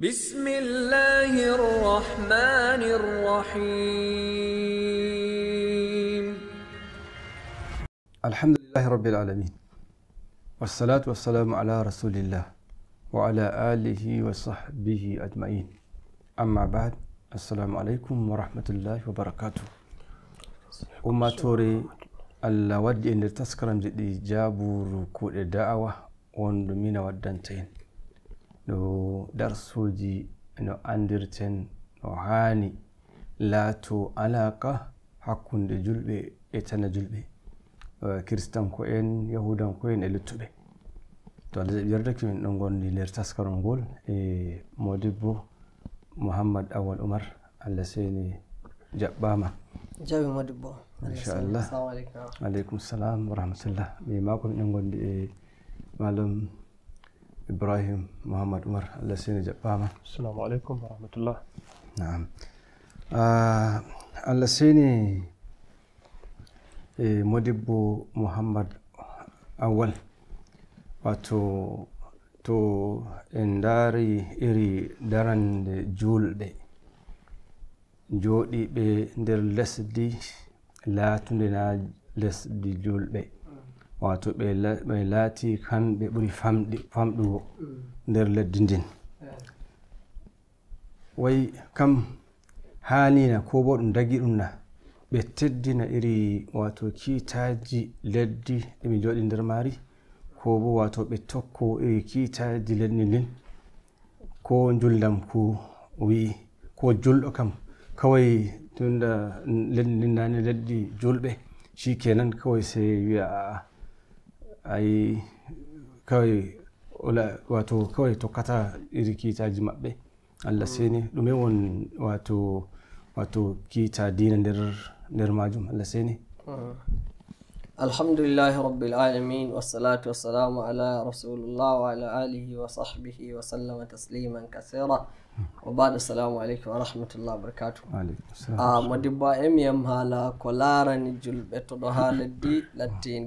بسم الله الرحمن الرحيم الحمد لله رب العالمين والصلاة والسلام على رسول الله وعلى آله وصحبه أجمعين أما بعد السلام عليكم ورحمة الله وبركاته وما توري الودي إن تسكرم جابور كود الدعوة وندمين ودنتين no darsuji no andirten no hani laato alaqa hakkunde julɓe e tana julɓe kristanko en yahudanko en e luttuɓe to allah jaɓi yardaki min ɗo gondi nder taskaron ngol e modibbo mouhammad awal oumar allah seni jaɓɓama jawi modibbo inchallah aleykum salam warahmatullah mi mako min ɗo gondi e malum إبراهيم محمد عمر الله سيني جباما السلام عليكم ورحمة الله نعم آه الله سيني modibbo muhammad awal wato to en ndaari iri darande julɓe jooɗiɓe nder lesdi laatunde na lesdi julɓe wato ɓe laati kamɓe ɓuri famɗugo nder leddi ndin wayi kam haanina ko bo ɗum dagi ɗum na ɓe teddina iri wato kiitaji leddi ɗemi joɗi nder maari ko bo wato ɓe tokko iri kiitaji leddi ndin ko jullam ko wii ko julɗo kam kawai tunda leddi ndin nani leddi julɓe shikenan kawai sei wiya aa ay kawai ula wato kawai tokata iri kita ji maɓɓe allah mm. sai ne ɗume won wato wato kita dina nder nder majum الحمد لله رب العالمين والصلاة والسلام على رسول الله وعلى آله وصحبه وسلم تسليما كثيرا وبعد السلام عليكم ورحمة الله وبركاته آه مدبا هالا كولارا نجل بيتو دوها لدي لتين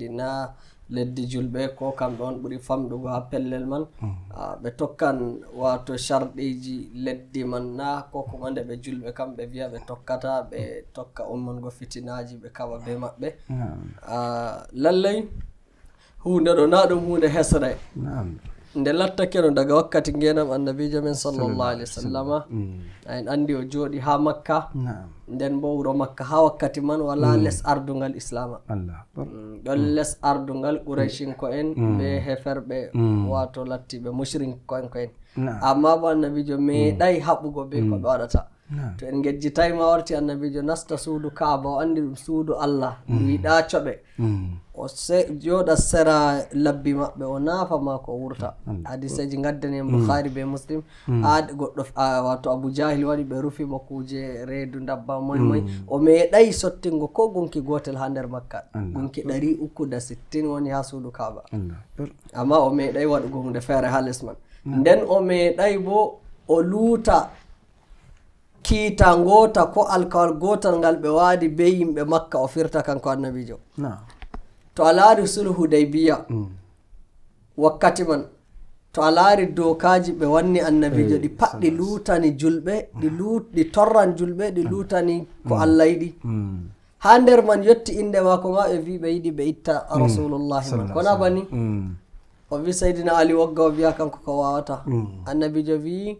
leddi julɓe ko kam ɗon ɓuri famɗugo ha pellel man mm. ah, ɓe tokkan wato sarɗiji leddi man na ko kuma nde ɓe julɓe kam ɓe wiya ɓe tokkata ɓe tokka ummango fitinaji ɓe kawa be maɓɓe ah, lallay hunde ɗo na ɗum hunde hesre nde lattake no daga wakkati ngenam annabijo men sallllahu alih wa sallama en anndi o jooɗi haa makka nden bo wuro makka haa wakkati man wala mm. les ardungal islama mm, ɗon mm. les ardungal qurachinko en ɓe heferɓe wato lattiɓe mushrinko en ko en amma bo annabijo meeɗay haɓugo be ko ɓe waɗata to en gejjitay ma warti annabijo nasta suudu kaaba o anndi ɗum suudu allah wiiɗa mm. coɓe mm. o jooɗa sera labbi maɓɓe o naafa ma ko wurta hadiseji ngaddani en mm. bouhari be muslim ad goɗɗo wato abou djahil waɗi ɓe rufima kuuje reedu dabba moy moy o meeɗayi sottingo ko gunki gotel ha nder makka gunki ɗari ukkuda sittin woni ha suudu kaaba amma o meeɗayi waɗugo hunde feere ha les man nden o meeɗayi bo o luuta kiita ngoota ko alkawal gootal ngal ɓe waadi be yimɓe makka o firta kanko annabijo to a laari sulhu day biya mm. wakkati man to a laari dokaji ɓe wanni annabijo eh, ɗi pat ɗi luutani julɓe ɗiɗi mm. torran julɓe ɗi mm. luutani ko allah yiɗi ha nder man yetti inde maako ma ɓe wi ɓe yiɗi ɓe itta rasulullahi man kona bani o wi saydina ali wogga o wiya kanko ko wawata annabijo wii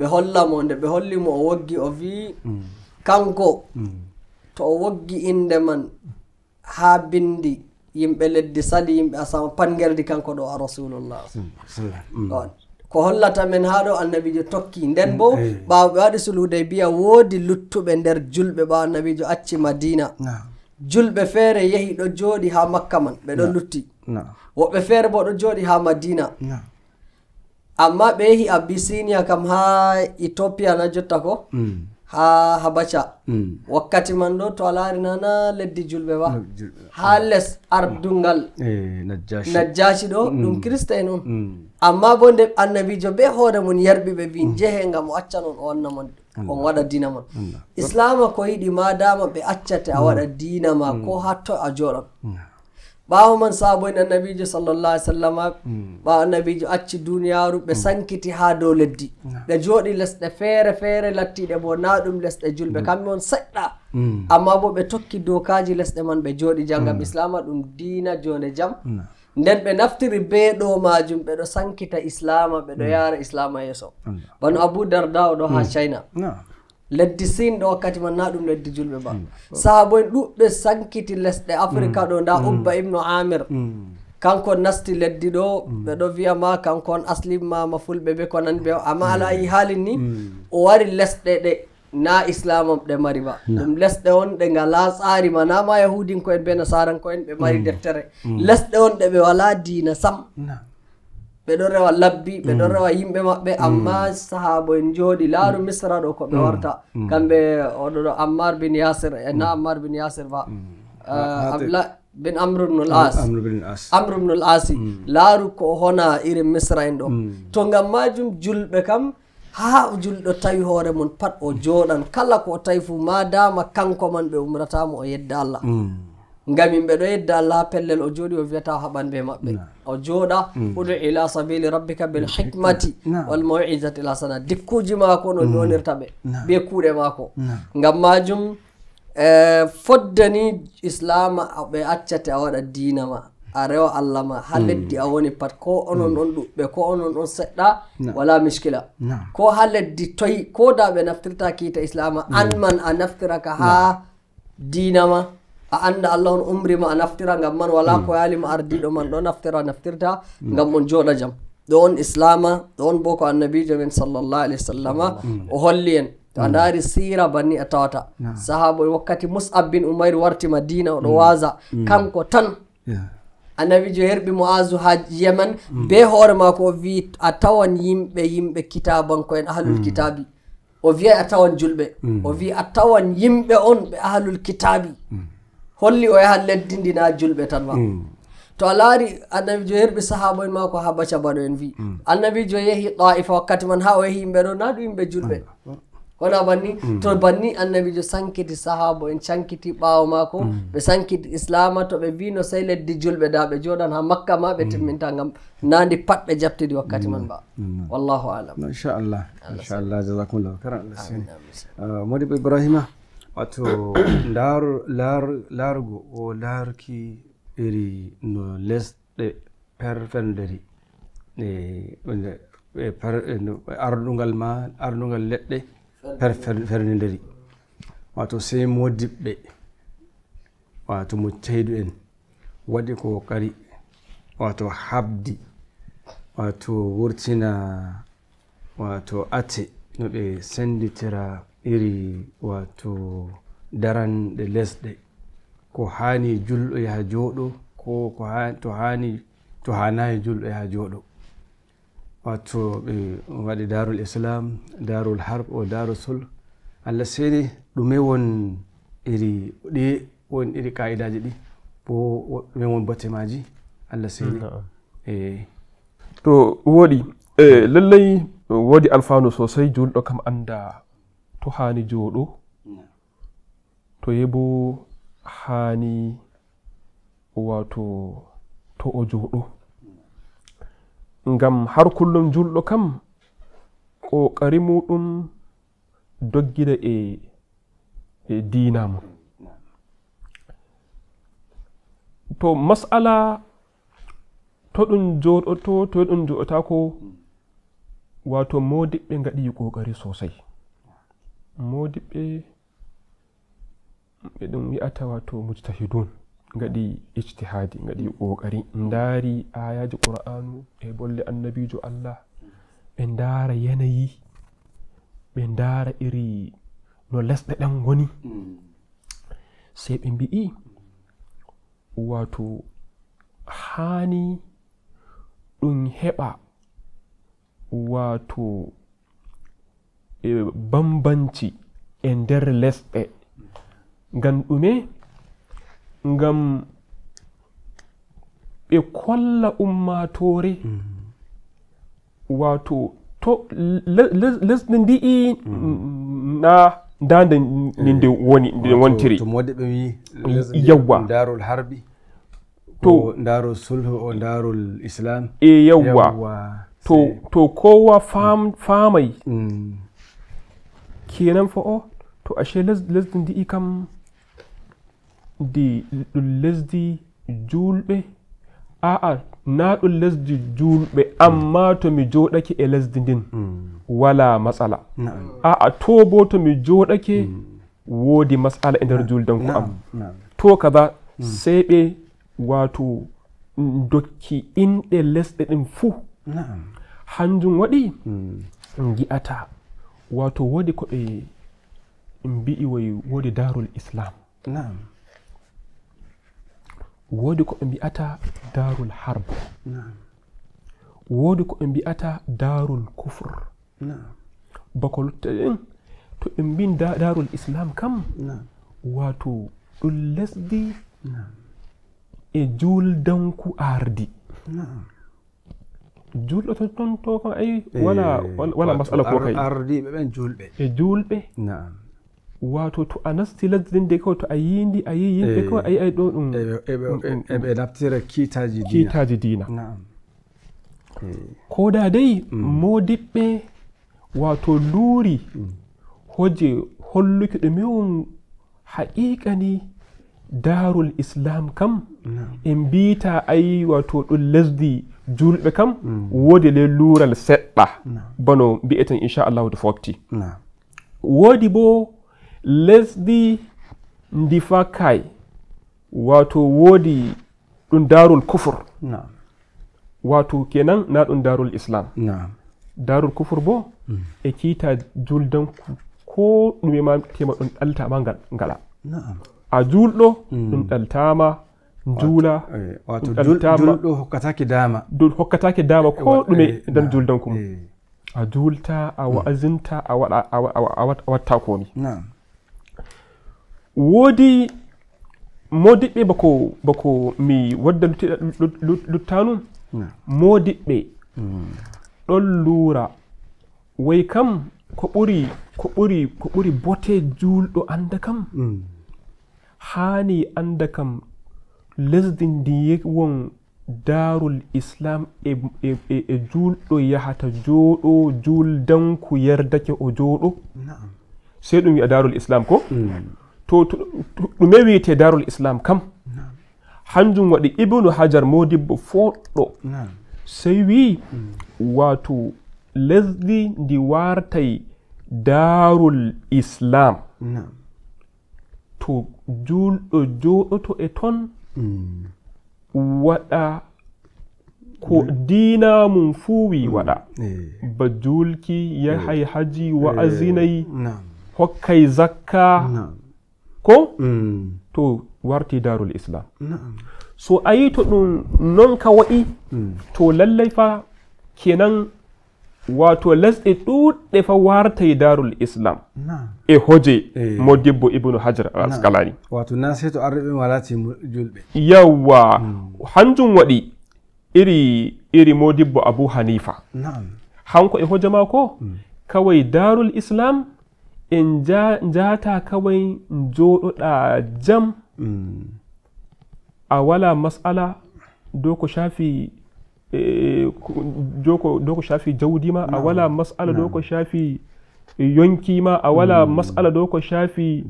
ɓe holla mo nde ɓe holli mo o woggi o wii mm. kanko mm. to o woggi innde man haa binndi yimɓe leddi sali yimɓe asama pangerdi kanko ɗo a rasulullah mm. ɗon ko hollata men haa ɗo annabijo tokki nden bo ɓaawo eh. ɓe waɗi suluude biya woodi luttuɓe nder julɓe ɓaawo annabijo acci madina julɓe feere yehi ɗo jooɗi haa makka man ɓe ɗo lutti woɓɓe feere bo ɗo jooɗi haa madina amma ɓe yehi abisinia kam ha ethiopia na jotta ko mm. ha habaca mm. wakkati man ɗo to a laari nana leddi julɓe ba ha less ardungal eh, najjaci ɗo mm. ɗum christa en on amma bo nde annabijo be hoore mun yarɓi ɓe wi jehengam o accan on o wannamon on waɗa dina mon islama ko yiɗi madama ɓe accate a waɗa dina ma ko ha to a joɗon ɓaawo man saaboyn annabijo sallallah ai sallam mm. ɓaawo annabijo acci duniyaaru ɓe mm. sankiti haa dow leddi ɓe jooɗi lesɗe feere feere lattiiɗe bo naa ɗum lesɗe julɓe mm. kamɓe on seɗɗa amma bo ɓe tokki dokaji lesɗe man ɓe jooɗi janngam islama ɗum diina joonde jam nden ɓe naftiri bee ɗo maajum ɓe ɗo sankita islama ɓe ɗo yaara islama yeeso bano abou darda o ɗo haa china leddi sine ɗo wakkati man na ɗum leddi julɓe ba hmm. sahaboen ɗuɓɓe sankiti lesɗe africa ɗo nda hmm. ubba ibnu amir hmm. kanko nasti leddi ɗo ɓeɗo wiyama kanko on aslim mama fulɓe ɓe ko nani ɓe amma ala yi haali ni o wari lesɗe ɗe na islamom ɗe mari ba ɗum lesɗe on ɗe ngala tsari ma nama yahudinko en ɓe nasaranko en ɓe mari deftere lesɗe on ɗe ɓe wala diina sam ɓe ɗon rewa labbi ɓe ɗon mm. rewa yimɓe maɓɓe mm. amma sahaba en jooɗi laaru mm. misra ɗo ko ɓe warta kamɓe oɗo ɗo ammar bin yasir e na ammar bin yasir ba eh, abdulah bin amrubnul as amrubnul asi laaru ko hona irin misra en ɗo to ngam majum julɓe kam ha julɗo tawi hoore mon pat o jooɗan kala ko o tawi fuu ma dama kanko man ɓe umratamo o yedda allah ngam yimɓe ɗo yedda allah pellel o jooɗi o wiyata haɓan ɓe maɓɓe o jooɗa huɗo mm. ila sabili rabbika bel hikmati wal mawidat ila sana dikkuji maako no donirta mm. ɓe ɓe kuuɗe maako ngam majum e, fodda ni islama ɓe accate a waɗa diina ma a rewa allah ma ha mm. leddi a woni pat ko onon ɗon ɗuɓɓe ko onon ɗon seɗɗa wala miskila ko ha leddi toyi ko da ɓe naftirta kiita islama an man a naftiraka ha diina ma a anda allah on umrima a naftira ngam man wala mm. ko yalima ardiɗo man ɗo naftira naftirta mm. ngam on joɗa jaam ɗo on islama ɗo on bo ko annabijo men sallllah alih wa sallama mm. o holli en to a dari sira banni a tawata sahaba wakkati mus'ab bin umairu warti madina oɗo waasa kanko tan annabijo herɓi mo asu ha yeman be hoore mako o wi a tawan yimɓe yimɓe kitabanko en ahalul kitabi o wiyay a tawan julɓe o wi a tawan yimɓe on ɓe ahalul kitabi holli o yaha leddi ndi na julɓe tan ma mm. to a laari annabijo herɓe sahaba en mako ha baca baɗo en wi mm. annabijo yeehi ɗaifa wakkati man ha o yeehi yimɓe ɗo na ɗum yimɓe julɓe mm. wona banni to banni annabijo sankiti sahaba en sankiti ɓawo mako ɓe sankiti islama to ɓe mbino sey leddi julɓe da ɓe joɗan ha makka ma ɓe timminta gam nandi pat ɓe jabtidi wakkati man ba wallahu alam inchallah inchallah jasakumlah kara uh, modibo ibrahima wato larugo o laruki iri no lesɗe perfendari e, e e arugal ma arugal leɗɗe perfernderi wato sey modiɓɓe wato mo ceydu en waɗi ko kari wato habdi wato wurtina wato ate no ɓe senditira iri wato daranɗe lesɗe ko hani julɗo yaha jooɗo ko to hani to hanayi julɗo yaha jooɗo wato ɓe waɗi darul islam darul harb o darul sulh allah seni ɗume won iri ɗi won iri kaidaji ɗi bo ɗume won bote maji allah seni e to woɗi e lallay woodi alfanu sosai julɗo kam anda to haani jooɗo to yebo haani wato to o jooɗo ngam har kullum julɗo kam ƙoƙari muɗum doggira e, e diina mum to masala to ɗum jooɗoto to ɗum jooɗotako mm. wato modiɓɓe ngaɗi yi ƙoƙari sosai mm. modiɓɓe ɓe ɗum wi'ata wato mujtahidun gaɗi ijtihadi gaɗi ƙoƙari ndaari ayaji qur'anu e bolle annabijo allah ɓe ndaara yanayi ɓe ndaara iri no lesɗe ɗen goni sey ɓe mbi'i wato haani ɗum heɓa wato Eh, bambanci e nder lesɗe eh. gan ɗume ngam ɓe kolla ummatore wato to lesɗe ndi'i na ndande ni de eh, woni nde wontiri yawwa darol harbi to darol sulhu o darol islam e yawwa to to kowa fam famai mm. kenan fa o to ashe lesdi ndi'i kam ndi ɗum lesdi julɓe a'a na ɗum lesdi julɓe amma to mi joɗake e lesdi ndin mm. wala matsala a'a to bo to mi joɗake mm. woodi matsala e nder juldanko am to kada mm. sey ɓe wato dokki inɗe lesɗe ɗin fuu hanjum waɗi gi'ata wato wodi ko ɓe mbi'i woy wodi darul islam nam wodi ko ɓe mbi'ata darul harb nam wodi ko ɓe mbi'ata darul kufre nam bako lutta ɗen to ɓe mbi darul islam kam nam wato ɗum lesdi nam e juuldanku ardi nam juulɗo ton ton to kam ay eh, wala wala masala ko kay ardiɓe ɓen juulɓe e juulɓe naam wato to a nasti ladde nde ko to a yiidi a yii yimɓe eh, ko ayi ay ɗo ɗum eɓe naftira kiitaji kiitaji diina naam eh. ko da dey mm. modiɓɓe wato luuri mm. hoje holluki ɗo mewum haqiqani darul islam kam en mbiita ayi wato ɗum lesdi julɓe kam mm. woodi le luural seɗɗa bano mbi'eten inchallahu to fofti woodi bo lesdi kay wato woodi ɗum darul kufur wato kenan na ɗum darul islam darul kufur bo mm. e kiita juldanku ko ɗum ma tema ɗum ɗaltama ngala a julɗo mm. ɗum ɗaltama juula julɗo hokkataki dama hokkataki dama ko ɗume nder juuldan kom eh. a juulta a hmm. wa'azinta a waɗa a watta komi woodi moodiɓɓe bako bako mi wadda lutiɗa luttanu moodiɓɓe hmm. ɗon luura woy kam ko ɓuri ko ɓuri ko ɓuri bote juulɗo annda kam hmm. haani annda kam lesdi ndi won darul islam e, e, e, e juulɗo yahata jooɗo juuldanku yerdake o jooɗo sey ɗum wiya darul islam ko hmm. to ɗume wiyete darul islam kam hanjum waɗi ibnu hajar modibbo foɗɗo sey wi hmm. wato lesdi ndi wartay darul islam to juulɗo jooɗoto e ton waɗa ko dina mun fuwi mm. waɗa eh. bajulki ya haihaji eh. wa azinai eh. hokkai zakka ko mm. to warti darul islam so ayi to ɗum non ka mm. to lallai fa kenan wato latsi ɗuɗɗe fa wartai darul islam e hoje eh. modibbo ibnu hajar a askalani wato na sai to arɓe walati julɓe yawwa hmm. hanjun waɗi iri iri modibbo abu hanifa hanko e hoje mako hmm. kawai darul islam e ja jata kawai joɗoɗa jam hmm. a wala mas'ala do ko shafi Eh, doko shafi jaudi ma a wala mas'ala doko shafi yonki ma a wala hmm. mas'ala doko shafi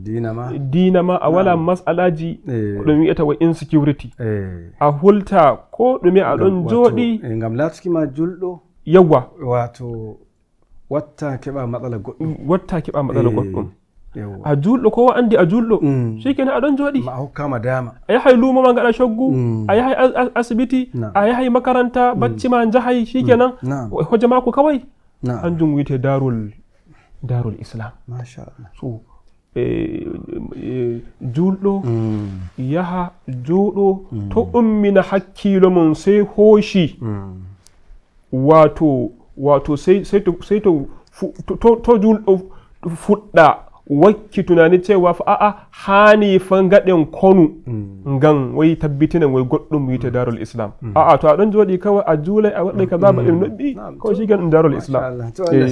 dina ma a wala mas'alaji. ji eh. ɗumi ita wa insecurity eh. a hulta ko ɗumi a don joɗi ngam latiki ma julɗo yawwa wato watta keɓa matsala goɗɗum watta keɓa matsala goɗɗum a julɗo ko andi a julɗo mm. shikenan a jooɗi joɗi. hokka ma dama a yahay lumo ma gaɗa shoggu mm. a yahay asibiti a yahay makaranta mm. bacci ma jahay shikenan hoja mako kawai hanjum wiyete darul darul islam so e, e, julɗo yaha joɗo, to ummina hakkilo mon sai hoshi. wato wato sai to to julɗo fuɗɗa wakkitunani cewa fa aa hani fa gaɗen konu mm. ngam wayi tabbitinen wayi goɗɗum wiyte mm. darul islam mm. aa to aɗon joɗi kawai a juulay a waɗɗay kaza baɗen noɓɓi kawa shigen ɗum darul islam allah eh,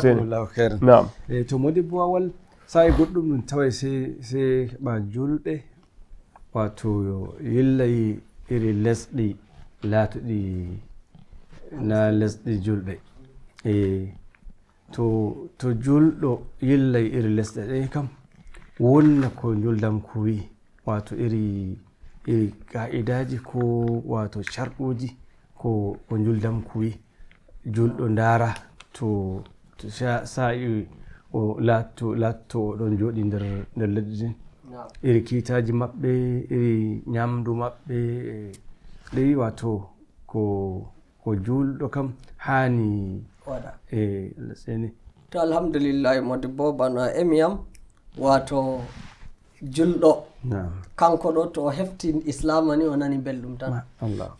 senenam eyi eh, to modi bo awal sai goɗɗum ɗum taway s se ɓa julɗe wato yillayi iri lesɗi latuɗi na lesɗi julɓe eyi eh, to to julɗo yillay iri lesɗe ɗe kam wonna ko juldam ko wii wato iri iri ka'idaji ko wato carɗuji ko ko juldam ko wii julɗo ndara to to sa'i o latto latto oɗon jooɗi nder nder leddi ten iri kiitaji maɓɓe iri ñamdu maɓɓe e ɗi wato ko ko julɗo kam hani waɗa eh, allah seni to alhamdulillahi modi bo bano emiyam wato julɗo kanko ɗo to o hefti islama ni o nani belɗum tan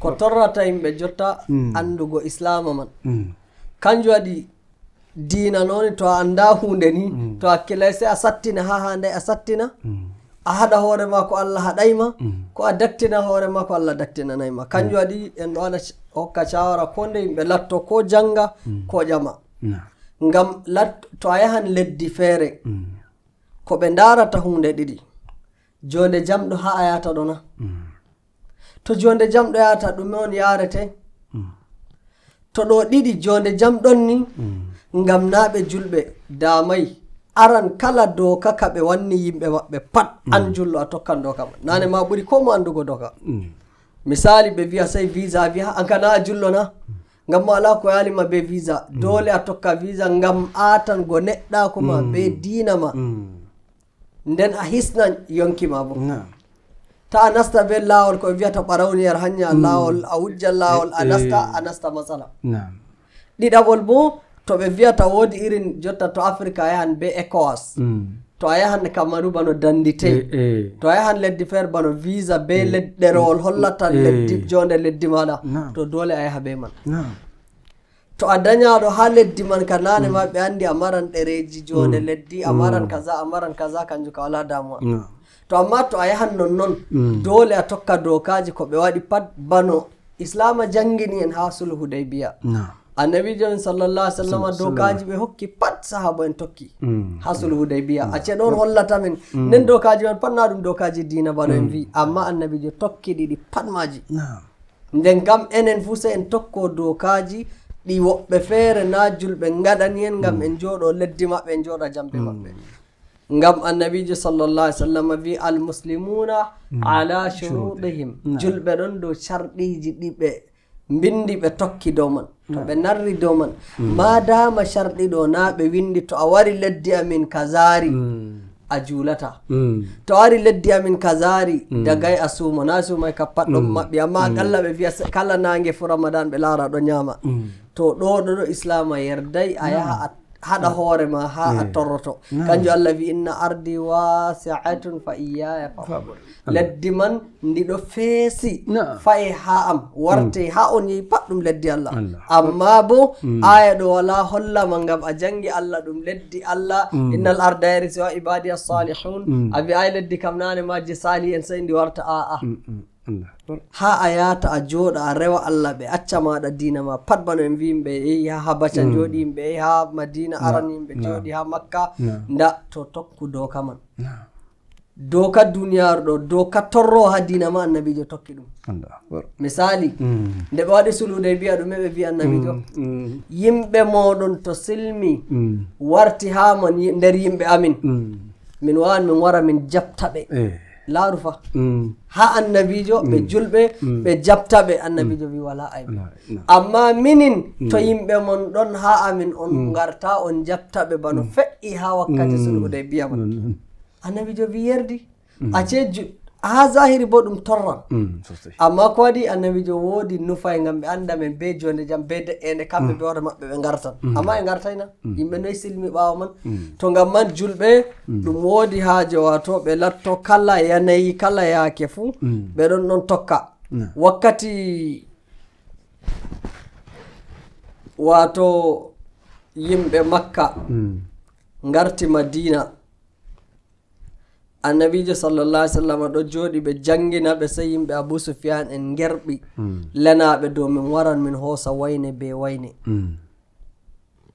ko torrata yimɓe jotta hmm. andugo islama man hmm. kanjum waɗi diina noni to a anda hunde ni hmm. to hakkillay se a sattina ha handay a sattina a haɗa hoorema ko allah haɗayma ko a dattina hoorema ko allah dattinanayma kanjum waɗi en ɗo waɗa hokka shawara ko nde yimɓe latto ko janga mm. ko ƴama ngam to a yahan leddi feere mm. ko ɓe darata hunde ɗiɗi jonde jamɗo ha a yata ɗona mm. to jonde jamɗo yata ɗume on yarete mm. to ɗo ɗiɗi jonde jam ɗon ni mm. ngam naɓe julɓe damayi aran kala doka ka ɓe wanni yimɓe maɓɓe pat mm. an jullo a tokkan doka ma nane mm. ma ɓuri ko mo andugo doka mm. misali ɓe wiya sey visa wiya ankana a jullona ngam wala ko yalima be visa mm. dole a tokka visa ngam atan go neɗɗakoma ɓe mm. dinama mm. nden a hisnan yonkima bo ta a nasta be lawol koɓe wiyata ɓarawniyar hanya lawol a wujja lawol a eh, eh. nasta a nasta masala ɗiɗaɓol bo to ɓe wiyata wodi irin jotta to africa yahan be écoas to a yahan kamaru bano dandite eh, eh. to a yahan leddi feere bano visa be eh. leddi ɗerowol hollata leddi jonde leddi maɗa to dole a yaha be man to a dañaɗo ha leddi man ka nane ma mm. ɓe andi a maran ɗereji jonde mm. leddi a maran mm. kaza a maran kaza kanjum ka wala damoa to amma to a yahan nonnoon dole a tokka dokaji ko ɓe waɗi pat bano islama jangini en ha sulhudaybiya annabi joni sallallah sallam dokaji ɓe hokki pat sahaba en tokki mm. ha sulhuday biya mm. acce ɗon mm. hollatamin nden dokaji man pat na ɗum dokaji dina bano en wi amma annabi jo tokki ɗiɗi pat maji nden kam enen fu se en tokko dokaji ɗi woɓɓe feere na julɓe gaɗani en gam en jooɗo leddi maɓɓe en jooɗa jamɓe maɓɓe ngam annabijo sallllah sallam wi almuslimuna ala shurudihim julɓe ɗon dow carɗiji ɗiɓe bindi ɓe tokki dow man to ɓe narri dow man madama charɗi ɗo na ɓe windi to a wari leddi amin kazari a julata to wari leddi amin kazari dagay a sumo na sumay kappat ɗon maɓɓi amma kalla ɓe wiya kala nangue fo ramadan ɓe laara ɗo ñama to ɗo ɗo ɗo islama yerday a yaha haɗa mm. hoore ma ha a mm. torroto kanjum allah wi inna ardi wasiatun fa iyaya fabol leddi man ndiɗo feesi faye ha am mm. warte ha on yehi pat ɗum leddi allah amma bo aya ɗo wala hollama ngam a janngi allah ɗum leddi allah innal ardairi siwa ibadi assalihun a wi ay leddi kam nane ma je sali en sey ndi warta aa ha a yata a jooɗa a rewa allah ɓe acca maɗa dina ma pat bano en mbiyimɓe yehi ha habaca mm. jooɗi yimɓe yehi ha madina aran yimɓe jooɗi ha makka nda to tokku doka man doka duniyaru ɗo doka torro ha dina ma annabijo tokki ɗum misali mm. nde ɓe waɗi sulude e mbiya ɗume ɓe mbi annabijo mm. mm. yimɓe moɗon to silmi mm. warti ha man nder yimɓe amin mm. min wawan min wara min jabta ɓe eh. laaru fa mm. haa annabiijo ɓe mm. julɓe mm. ɓe jaɓtaɓe annabiijo wi walaa ayb amma minin to yimɓe mon ɗon haa amin on ngarta on jaɓtaɓe bano feƴƴi haa wakkati sulhuda e biyama annabiijo wi yerdi acee juɗɗi ha zahiri bo ɗum torran mm, amma ko waɗi annabijo woodi nufay gam ɓe annda men be jonde jam be de ende kamɓe mm. ɓe hoore maɓɓe ɓe gartan mm. amma e gartayna yimɓe noyi silmi ɓawo man to gam man julɓe ɗum woodi haaje wato ɓe latto kala yanayi kala yaake fuu ɓeɗon ɗon tokka wakkati wato yimɓe makka garti madina annabijo sallallah sallam ɗo jooɗi ɓe janngina ɓe sey yimɓe abou sufiane en ngerɓi hmm. lenaaɓe dow min waran min hoosa wayne be wayne hmm.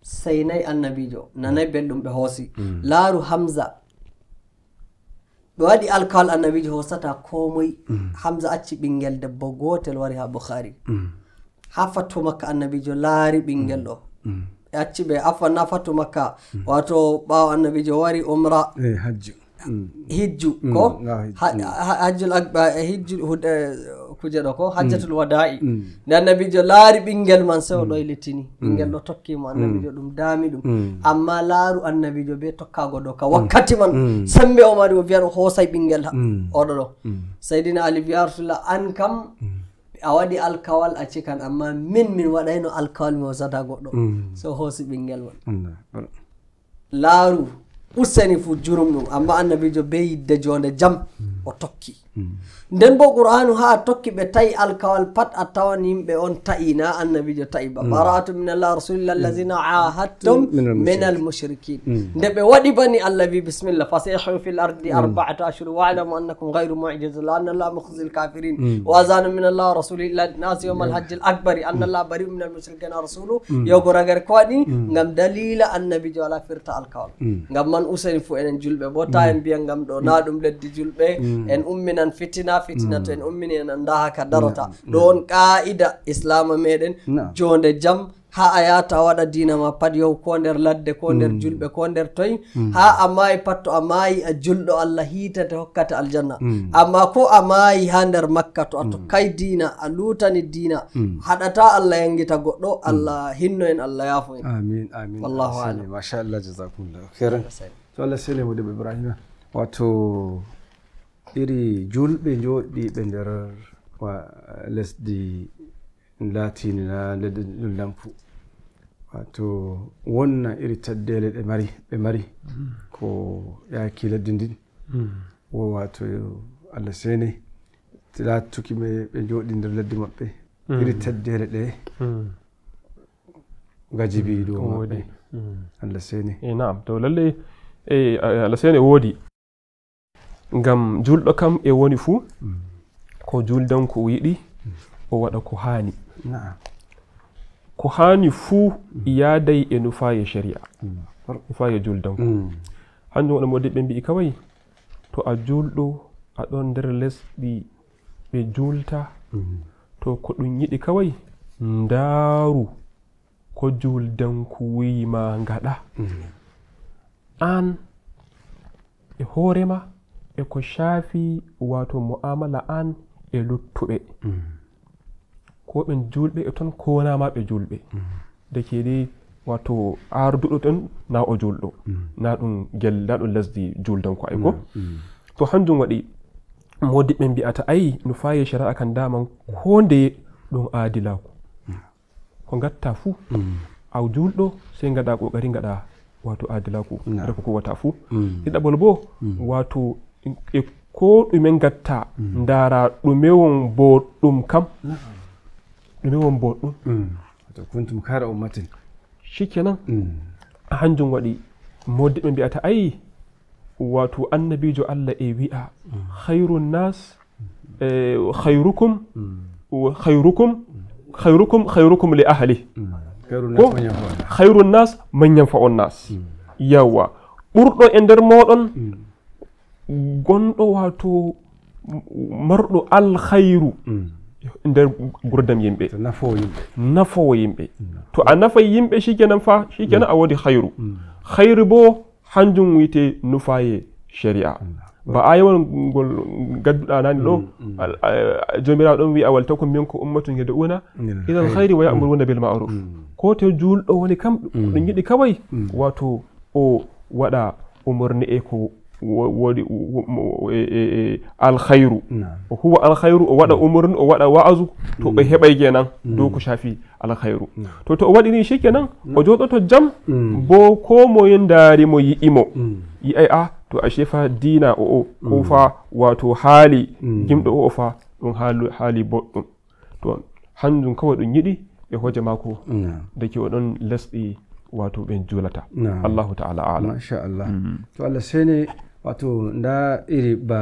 sey nayi annabijo nanayi hmm. belɗum ɓe hoosi laaru hamsa ɓe waɗi alkawal annabijo hoosata komoy hamsa acci ɓinngel debbo gootel wari haa bouhari haa fattu makka annabijo laari ɓinngel ɗo e acci ɓe afanna fattu makka wato ɓaawo annabijo wari umra Mm. hijju mm. ko ah, hajjul akba ah, hijju hude kuje ɗo ko mm. hajjatul wadai nde annabijo laari ɓingel man sewo ɗo ilittini ɓingel ɗo tokkimo annabijo ɗum daami ɗum amma laaru annabijo be tokkago ɗo ka wakkati man sembe o mari o wiya ɗo hoosay ɓingel oɗo ɗo saydina ali bi arsullah an kam a waɗi alkawal a cikan amma min min waɗayno alkawal mi o sada goɗɗo so hoosi ɓingel man laaru ustani fo jurum ɗum amma annabijo beyidde jonde jaam o tokki nden bo qur'anu ha tokki ɓe ta'i alkawal pat a tawan yimɓe on ta'ina annabijo ta'i ba baratu min allah rasulillah allazina ahadtum min almushrikin nde ɓe waɗi bani allah wi bisimillah fasihu fi l ardi arbaata ashhur walamu annakum gayru mujizalah anna allah mukhzi lkafirin wa azanu min allah rasuli ila nasi yawma alhajji l akbari anna allah bari min almushrikin rasulu yogo ragare ko waɗi ngam dalila annabijo ala firta alkawal ngam man useni fo enen julɓe bo ta en mbiya ngam ɗo na ɗum leddi julɓe en ummina umminan fitina fitina mm. to en ummini en anndaha ka darota mm. ɗo on qaa'ida islama meɗen jonde jam ha a yata waɗa dina ma pat yow ko nder ladde ko nder mm. julɓe ko nder toye ha a maayi pat to a maayi a julɗo allah hiitete hokkate aljanna amma ko a maayi ha nder makka to a tokkay dina a lutani dina haɗata allah yangita goɗɗo allah hinno en allah yaafo enwallahu alam machallah jasakumlah ker to allah selemoɗeɓo ibrahima wato iri julɓe joɗɗi ɓe nder wa lesdi latini na ledde ɗuldampu wato wonna iri taddele ɗe mari ɓe mari ko yaki ledde ndin mm. wo wato allah sene lattuki ɓe ɓe joɗi nder ledde maɓɓe mm. iri taddele ɗe mm. gajibi ɗo maɓɓe allah sene e eh, nam to lallay e eh, allah sene woodi ngam julɗo kam e woni fuu mm. ko juldanko yiɗi o waɗa ko haani ko haani fuu mm. yaadayi e nufaye sharia mm. nufaye juldanko hanjum waɗa modde ɓe mbi'i kawayi to a julɗo aɗon nder lesɗi ɓe julta to ko ɗum yiɗi kawayi ndaaru ko juldanko wiima ngaɗa aan e hoorema e ko shaafi wato mu'amala an e luttuɓe mm. ko ɓen julɓe e toon konama ɓe julɓe mm. de kedi wato arduɗo ton na o julɗo mm. na ɗum gel na ɗum lesdi juldan ko ay go to hanjum waɗi modi ɓe mbiyata ayi no faye chara'a kan daman ko nde ɗum adilaku ko gatta fuu aw julɗo sey gaɗa ƙoƙari gaɗa wato adilaku ɗa ko kuwata fuu ɗiɗaɓol bo wato e ko ɗumen gatta mm. ndara ɗumewon boɗɗum kam ɗumewon boɗɗum mm. kuntum kara ummatin shikenan mm. hanjum waɗi modde ɓe mbi'ata ayi wato annabijo allah e wi'a hayrun nas khairukum khairukum khairukum khairukum li ahli ko hayrun nas man yanfa'un nas yawwa ɓurɗo e nder moɗon gonɗo wato marɗo alkhairu mm. nder gurdam yimɓe nafowo yimɓe mm. to a nafa yimɓe shikenan fa shikenan mm. a wodi khairu khairu bo hanjum wiyete nufaye shari'a ba ayewol ngol gadduɗa nani ɗo jomirawo ɗon wi'a wal min minko ummatun yad'una ila alkhayri wa ya'muruna bil ma'ruf ko to julɗo woni kam ɗum yiɗi kawai wato o waɗa umurni e ko E, e, e, alkhairu huwa alkhairu o waɗa umurni o waɗa wa'azu to ɓe heɓai kenan dow ko shafi alkhairu to to o waɗi ni shikenan o joɗoto jam mm. bo ko moye ndaari mo yi'imo mm. ai ah, a to ashe fa dina o o ko mm. fa wato hali. gimdo o o fa ɗum haali boɗɗum to hanjum kawai ɗum yiɗi e hoje da ke oɗon lesɗi wato ɓe julata allahu ta'ala ala masha allah mm-hmm. to allah ne wato nda iri ba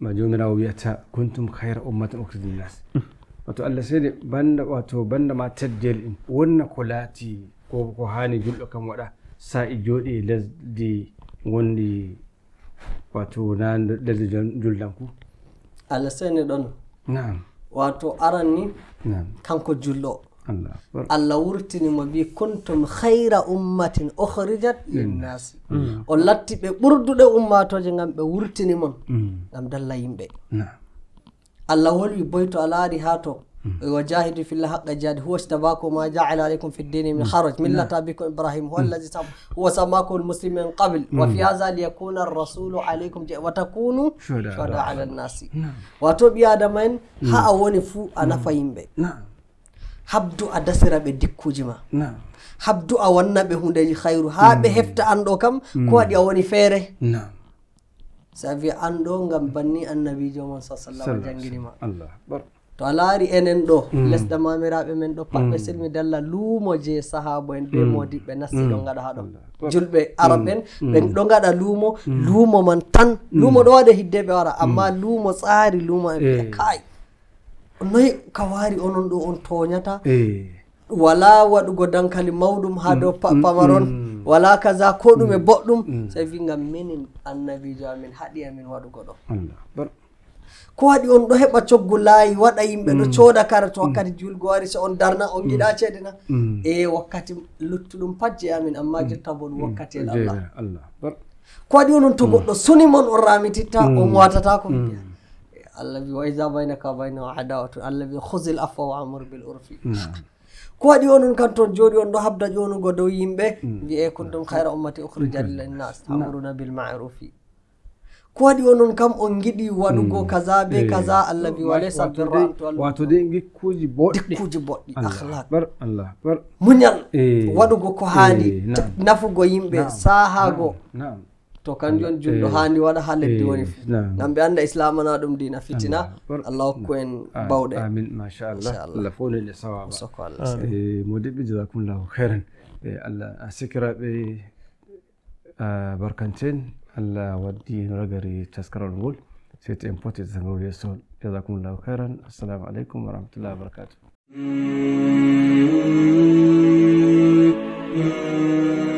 ba jomirawo wiyata kuntum hayra ummatan ukridi nas wato allah seyde banda wato banda ma teddel in wonna ko laati ko hani julɗo kam waɗa sa e jooɗi lesdi gonɗi wato na lesdi juldanku allah seyne ɗon nam wato aran ni kanko julɗo الله أكبر الله ورتني ما بي كنتم خير أمة أخرجت للناس نعم، نعم. الله تبي برد ده أمة توجه عم بورتني من عم دللا يمبي الله ولي بيتو على رهاتو وجاهدوا في الله حق جهاد هو اجتباكم ما جعل عليكم في الدين من حرج ملة نعم. أبيكم إبراهيم هو الذي هو سماكم المسلم من قبل وفي هذا ليكون الرسول عليكم وتكونوا شهداء على الناس وتوب يا دمين ها أولي فو أنا فاهم نعم habdu a dasira ɓe dikkuji ma habdu a wanna ɓe hundeji hayru ha ɓe mm. hefta an ɗo kam ko mm. waɗi a woni feere sa wiya an ɗo gam banni annabijo mon sa sallam janginima to a laari enen ɗo mm. lesɗa mamiraɓe men ɗo patɓe silmi dalla luumo je sahaba en ɓe modiɓɓe nasti ɗo gaɗa ha ɗo julɓe arab en ɓe ɗo gaɗa luumo luumo man tan luumo ɗo waɗa hiddeɓe wara amma luumo tsaari luumo en fiya kayi noyi ka wari onon ɗo on toñata wala waɗugo dankali mawɗum ha mm, dow mm, pamaron mm, wala kaza ko ɗum e boɗɗum sai wi gam minin annabijo amin haɗi amin waɗugo ɗo ko waɗi on ɗo heɓa coggu laayi waɗa yimɓe ɗo cooda kara to wakkati julgo wari so on darna on giɗa ceede na e wakkati luttuɗum patje amin amma jottabo ɗum wakkatiel allah ko waɗi onon to goɗɗo suni mon on ramititta on watatako mi wiya الذي وإذا بينك وبينه عداوة الذي خذ العفو وأمر بالعرف ko waɗi onon kan toon jooɗi on ɗo habda ƴonugo dow yimɓe mbiye kuntum hayra ummati ukhrijat linnas tamaruna bil marufi ko waɗi onon kam on giɗi waɗugo kaza be kaza allah bi wale sabbirwato de gikkuji boɗɗi dikkuji boɗɗi ahlak muñal waɗugo ko haandi nafugo yimɓe sahago to kanjum on julɗo hani waɗa ha leddi woni gam ngam ɓe anda islama na ɗum dina fitina allah hokku en bawɗe amin machallah eh, fo nene sawaba modiɓɓe jasakumllahu hairan e eh, allah sikiraɓe barkanten allah waddi ragari taskarol ngol seyto en poti taskarol yesol jasakumllahu heran assalamu aleykum wa wabarakatuh Mm-hmm.